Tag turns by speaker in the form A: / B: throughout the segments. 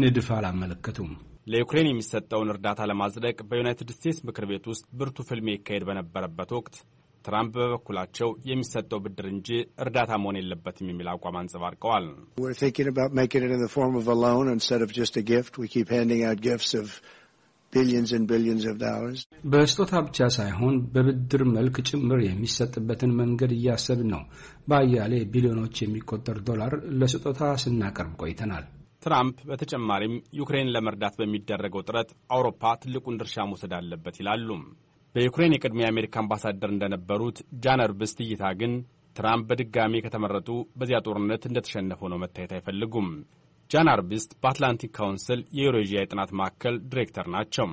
A: ንድፍ አላመለከቱም።
B: ለዩክሬን የሚሰጠውን እርዳታ ለማጽደቅ በዩናይትድ ስቴትስ ምክር ቤት ውስጥ ብርቱ ፍልሜ ይካሄድ በነበረበት ወቅት ትራምፕ በበኩላቸው የሚሰጠው ብድር እንጂ እርዳታ መሆን የለበትም የሚል አቋም አንጸባርቀዋል።
A: በስጦታ ብቻ ሳይሆን በብድር መልክ ጭምር የሚሰጥበትን መንገድ እያሰብን ነው። በአያሌ ቢሊዮኖች የሚቆጠር ዶላር ለስጦታ ስናቀርብ ቆይተናል።
B: ትራምፕ በተጨማሪም ዩክሬን ለመርዳት በሚደረገው ጥረት አውሮፓ ትልቁን ድርሻ መውሰድ አለበት ይላሉ። በዩክሬን የቅድሞ የአሜሪካ አምባሳደር እንደነበሩት ጃን አርብስት እይታ ግን ትራምፕ በድጋሚ ከተመረጡ በዚያ ጦርነት እንደተሸነፉ ነው መታየት አይፈልጉም። ጃን አርቢስት በአትላንቲክ ካውንስል የዩሬዥያ የጥናት ማዕከል ዲሬክተር ናቸው።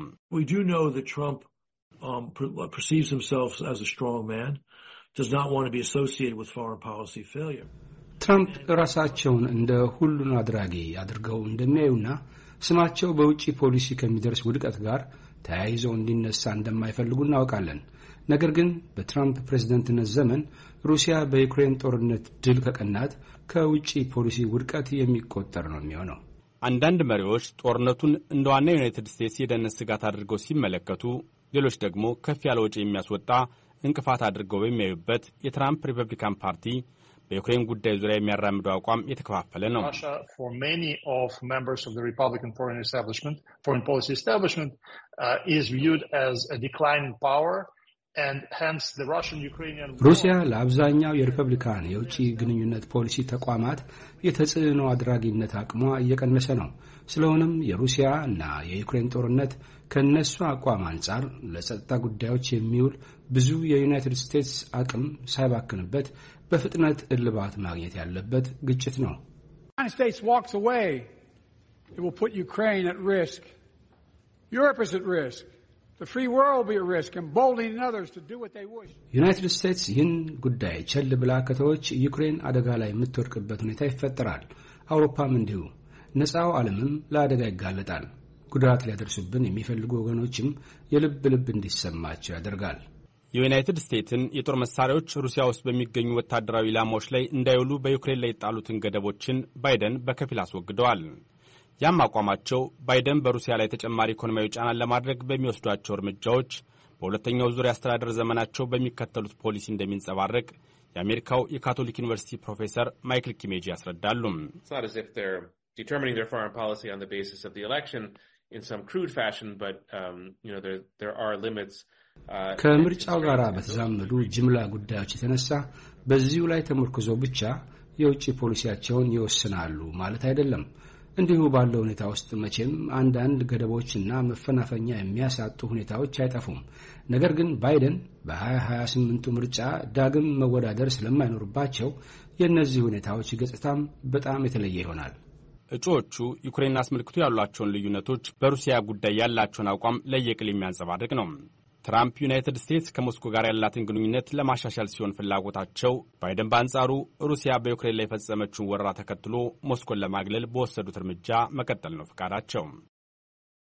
A: ትራምፕ ራሳቸውን እንደ ሁሉን አድራጊ አድርገው እንደሚያዩና ስማቸው በውጭ ፖሊሲ ከሚደርስ ውድቀት ጋር ተያይዘው እንዲነሳ እንደማይፈልጉ እናውቃለን። ነገር ግን በትራምፕ ፕሬዝደንትነት ዘመን ሩሲያ በዩክሬን ጦርነት ድል ከቀናት ከውጭ ፖሊሲ ውድቀት የሚቆጠር ነው የሚሆነው።
B: አንዳንድ መሪዎች ጦርነቱን እንደ ዋና ዩናይትድ ስቴትስ የደህንነት ስጋት አድርገው ሲመለከቱ፣ ሌሎች ደግሞ ከፍ ያለ ወጪ የሚያስወጣ እንቅፋት አድርገው በሚያዩበት የትራምፕ ሪፐብሊካን ፓርቲ በዩክሬን ጉዳይ ዙሪያ የሚያራምደው አቋም የተከፋፈለ ነው።
A: ሪፐብሊካን ሩሲያ ለአብዛኛው የሪፐብሊካን የውጭ ግንኙነት ፖሊሲ ተቋማት የተጽዕኖ አድራጊነት አቅሟ እየቀነሰ ነው። ስለሆነም የሩሲያ እና የዩክሬን ጦርነት ከእነሱ አቋም አንጻር ለጸጥታ ጉዳዮች የሚውል ብዙ የዩናይትድ ስቴትስ አቅም ሳይባክንበት በፍጥነት እልባት ማግኘት ያለበት ግጭት ነው። ዩናይትድ ዩናይትድ ስቴትስ ይህን ጉዳይ ቸል ብላ ከተዎች ዩክሬን አደጋ ላይ የምትወድቅበት ሁኔታ ይፈጠራል። አውሮፓም እንዲሁ። ነፃው ዓለምም ለአደጋ ይጋለጣል። ጉዳት ሊያደርሱብን የሚፈልጉ ወገኖችም የልብ ልብ እንዲሰማቸው
B: ያደርጋል። የዩናይትድ ስቴትስን የጦር መሳሪያዎች ሩሲያ ውስጥ በሚገኙ ወታደራዊ ኢላማዎች ላይ እንዳይውሉ በዩክሬን ላይ የጣሉትን ገደቦችን ባይደን በከፊል አስወግደዋል። ያም አቋማቸው ባይደን በሩሲያ ላይ ተጨማሪ ኢኮኖሚያዊ ጫናን ለማድረግ በሚወስዷቸው እርምጃዎች በሁለተኛው ዙር የአስተዳደር ዘመናቸው በሚከተሉት ፖሊሲ እንደሚንጸባረቅ የአሜሪካው የካቶሊክ ዩኒቨርሲቲ ፕሮፌሰር ማይክል ኪሜጂ ያስረዳሉ። um, uh,
A: ከምርጫው ጋር በተዛመዱ ጅምላ ጉዳዮች የተነሳ በዚሁ ላይ ተመርክዞ ብቻ የውጭ ፖሊሲያቸውን ይወስናሉ ማለት አይደለም። እንዲሁ ባለው ሁኔታ ውስጥ መቼም አንዳንድ ገደቦችና መፈናፈኛ የሚያሳጡ ሁኔታዎች አይጠፉም። ነገር ግን ባይደን በ2028ቱ ምርጫ ዳግም መወዳደር ስለማይኖርባቸው የእነዚህ ሁኔታዎች ገጽታም በጣም የተለየ ይሆናል።
B: እጩዎቹ ዩክሬን አስመልክቶ ያሏቸውን ልዩነቶች፣ በሩሲያ ጉዳይ ያላቸውን አቋም ለየቅል የሚያንጸባርቅ ነው። ትራምፕ ዩናይትድ ስቴትስ ከሞስኮ ጋር ያላትን ግንኙነት ለማሻሻል ሲሆን ፍላጎታቸው፣ ባይደን በአንጻሩ ሩሲያ በዩክሬን ላይ የፈጸመችውን ወረራ ተከትሎ ሞስኮን ለማግለል በወሰዱት እርምጃ መቀጠል ነው ፍቃዳቸው።